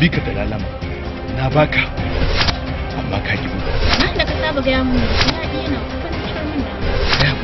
bi ka da lalama na baka amma ka ki nan da ka saba ga mu na iya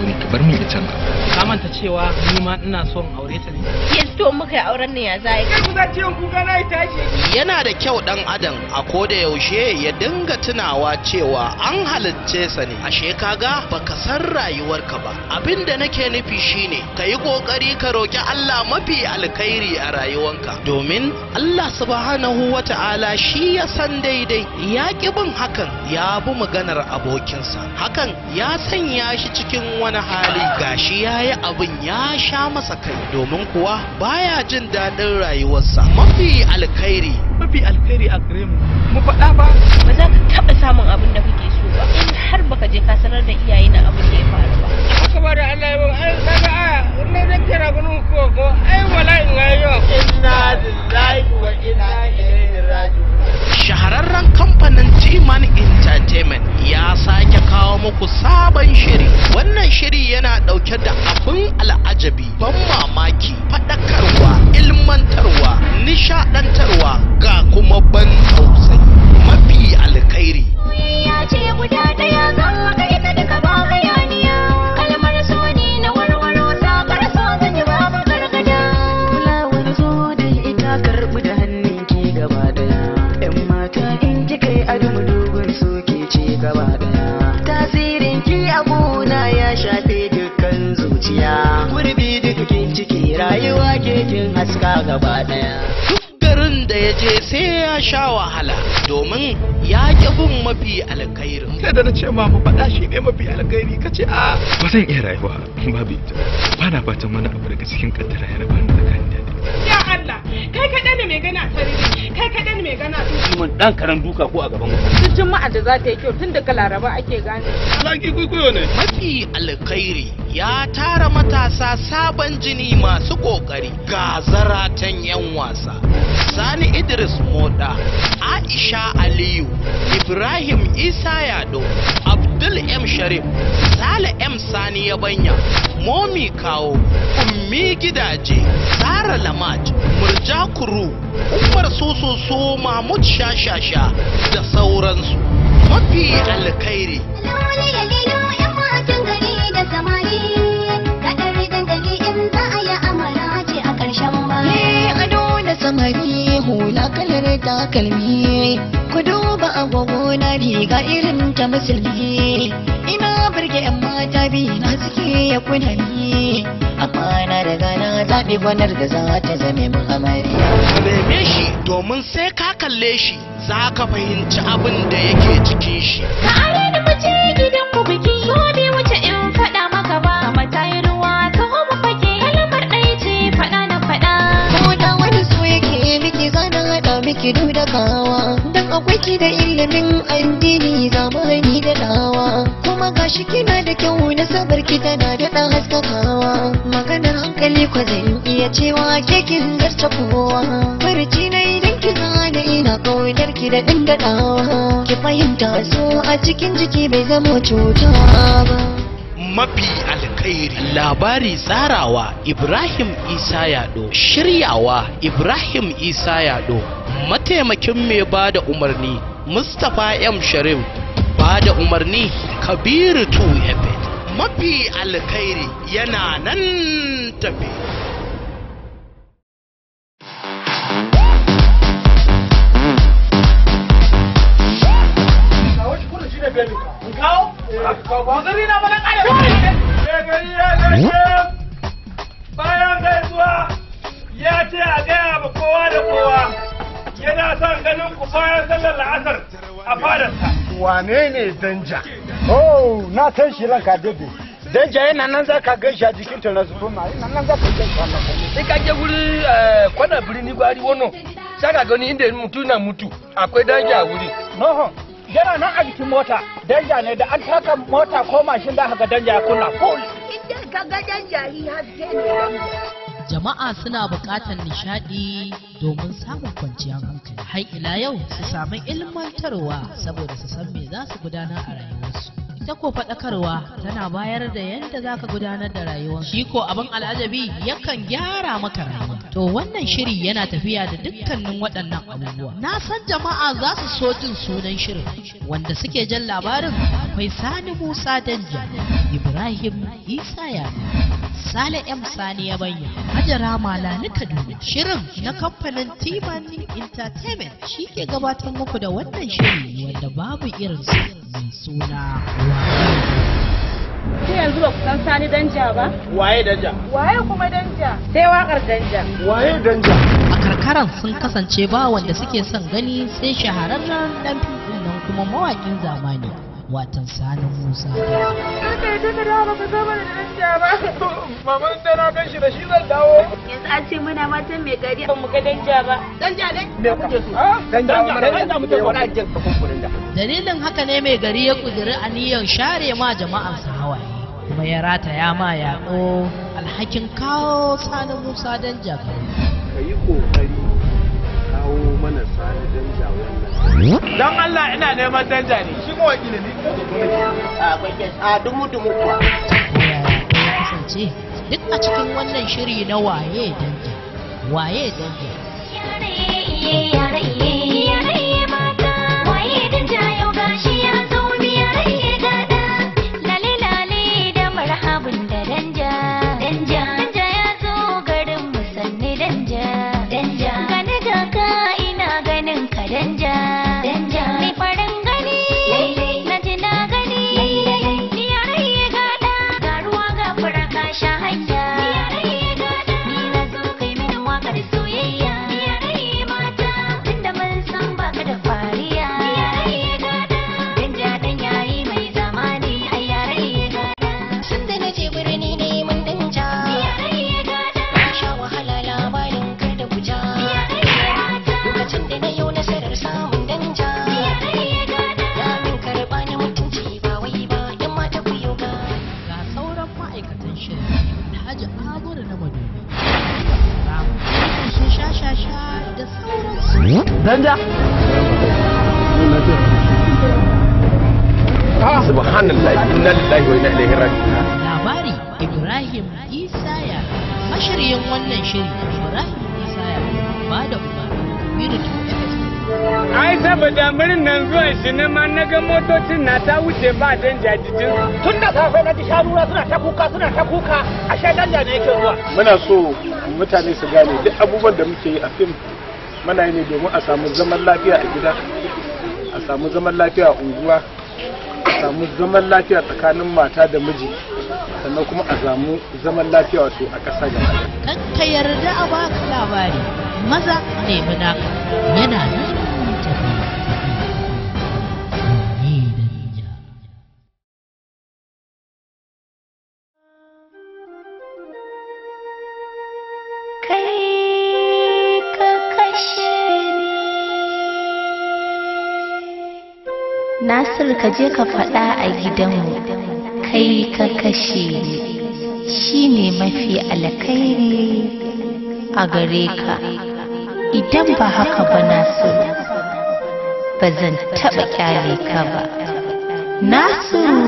ne ka bar min ita na ka cewa ni ma ina son aure ta ne yes to muka yi auren ne ya zai ku za ciwon kuka na tashi yana da kyau dan adam a ko da yaushe ya dinga tunawa cewa an halicce sa ne ashe kaga baka san rayuwarka ba abin da nake nufi shine ka yi kokari ka roki Allah mafi alkhairi a rayuwanka domin Allah subhanahu wata'ala shi ya san daidai ya ki bin hakan ya bi maganar abokinsa hakan ya sanya shi cikin wani hali gashi ya yi abin ya sha masa kai domin kuwa baya jin daɗin rayuwarsa mafi alkhairi mafi alkhairi a gare mu mu faɗa ba ba za ka taɓa samun abin da kake so ba in har baka je ka sanar da iyaye na abin da ya faru ba haka ba da Allah ya ba ai kaga a wannan da kira gunu ko ko ai wallahi in yo inna lillahi wa inna ilaihi raji'un shahararren kamfanin Usman Entertainment ya sake kawo muku sabon shiri. Wannan shiri yana ɗauke da abin al'ajabi, ban mamaki, faɗakarwa, ilmantarwa, nishaɗantarwa ga kuma ban tausayi mafi alkhairi. Ya ce guda gaba garin da ya je sai ya sha wahala domin ya ƙi bin mafi alkhairi sai da na ce ma mu faɗa shi ne mafi alkhairi ka ce a ba zan iya rayuwa babu ita ba na fatan wani abu daga cikin kaddara ya rabu da kan ya Allah kai kaɗai ne mai gana sarari kai kaɗai ne mai gana su mun ɗan karan duka ko a gaban su juma'a da za ta yi kyau tun daga laraba ake gane laki kwaikwayo ne mafi alkhairi ya tara matasa sabon jini masu ƙoƙari ga zaratan yan wasa sani idris moda aisha aliyu ibrahim isa yado abdul m sharif sani ya banya momi kawo ummi gidaje sara lamaj murja kuru umar sososo mahmud shashasha da sauransu mafi alkhairi samari hula kalar takalmi ku duba agogo na riga irin ta musulmi arziki ya kuna ni amma na daga na zaɓi gwanar da za ta zame mu amarya. shi domin sai ka kalle shi za ka fahimci abin da yake cikin shi. Ka are da mace gidan ku biki so ne wuce in faɗa maka ba mata yi ruwa ka homo fage kalmar ɗaya ce faɗa na faɗa. Ko da wani so yake miki zana haɗa miki duda kawa don akwai ki da ilimin addini zamani da dawa. kuma gashi kina da kyau na sabar ki tana da dan haskakawa maganar hankali ko zan iya cewa ke kin zarta kowa farci na idan ki da ina kaunar ki da dinga dadawa ki fahimta so a cikin jiki bai zama cuta ba mafi alkhairi labari tsarawa ibrahim isa yado shiryawa ibrahim isa yado mataimakin mai ba da umarni mustapha m sharif ba da umarni kabiru 2 mafi alkhairi yana nan tafi bayan gaisuwa ya ce a gaya ba kowa da kowa yana son ganin ku bayan sallar la'asar a fadarsa wane ne danja oh na san shi ranka dade danja yana nan za ka gan a jikin transformer yana nan za ka gan shi a sai ka je wuri eh, kwana birni gwari wano sai ka gani inda mutu na mutu akwai danja a wuri noho yana nan a jikin mota danja ne da an taka mota ko mashin da haka danja ya kula ko ka ga danja yi haske ne jama'a suna buƙatar nishaɗi domin samun kwanciyar hankali har ila yau su sami ilmantarwa saboda su san me za su gudana a rayuwarsu ita ko faɗakarwa tana bayar da yadda za ka gudanar da rayuwar shi ko abin al'ajabi yakan gyara maka rayuwa to wannan shiri yana tafiya da dukkanin waɗannan abubuwa na san jama'a za su so jin sunan shirin wanda suke jan labarin akwai sani musa danja ibrahim isa yaro Sale M Sani ya bayyana. Hajara Malani Kaduna. Shirin na kamfanin Timani Entertainment shi ke gabatar muku da wannan shiri wanda babu irin su mai suna Ke yanzu ba ku san Sani Danja ba? Waye Danja? Waye kuma Danja? Sai wakar Danja. Waye Danja? A karkaran sun kasance ba wanda suke son gani sai shahararren dan fifin nan kuma mawakin zamani. watan sanin musa Maman da na kan shi da shi zan dawo. Yanzu an ce muna matan mai gari. Ban mu ga danja ba. Danja ne Me kuke so? Ah, danja mara danja muke wani ajiyar kafin da. Dalilin haka ne mai gari ya kudiri aniyar share ma jama'arsa hawaye. Kuma ya rata ya ma yaƙo alhakin kawo tsanin Musa danja. Ka yi ƙoƙari kawo mana sani danja wannan don Allah ina neman danja ne shi kuma wakili ne a dumu dumu kuwa kasance duk a cikin wannan shiri na waye danja waye danja danja subhanallahi inna lillahi wa inna ilaihi raji'un ibrahim isaya mashiryin wannan shiri ibrahim isaya ba da umarni Ai saboda murnan zuwan shi na ma na ga motocin na ta wuce ba dan jajijin. Tun da safe na ji shanura suna ta kuka suna ta kuka a shaidan da ne yake zuwa. Muna so mutane su gane duk abubuwan da muke yi a fim mana ne domin a samu zaman lafiya a gida a samu zaman lafiya a unguwa a samu zaman lafiya tsakanin mata da miji sannan kuma a samu zaman lafiya wato a ƙasa Kan ka yarda a ka labari maza ne naka yana nan Nasir ka je ka faɗa a gidanmu kai ka kashe ni shi ne mafi alkairi a gare ka idan ba haka ba Nasir ba zan taɓa kyale ka ba Nasiru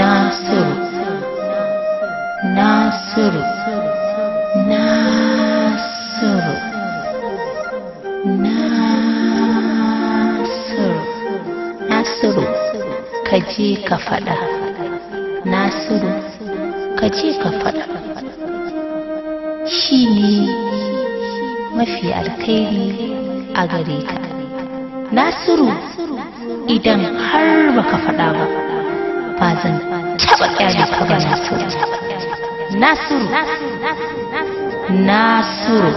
Nasiru Nasiru nasiru ka je ka faɗa nasiru ka je ka faɗa shi ne mafi alkhairi a gare ka nasiru idan har baka faɗa ba ba zan taɓa ƙyale ka ba nasiru nasiru nasiru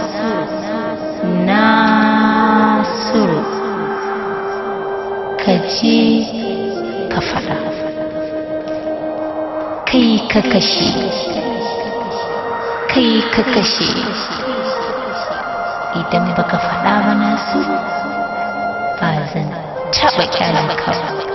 nasiru ka je ka faɗa kai ka kashe kai ka kashe idan baka faɗa ba su ba zan taɓa kyalan ka ba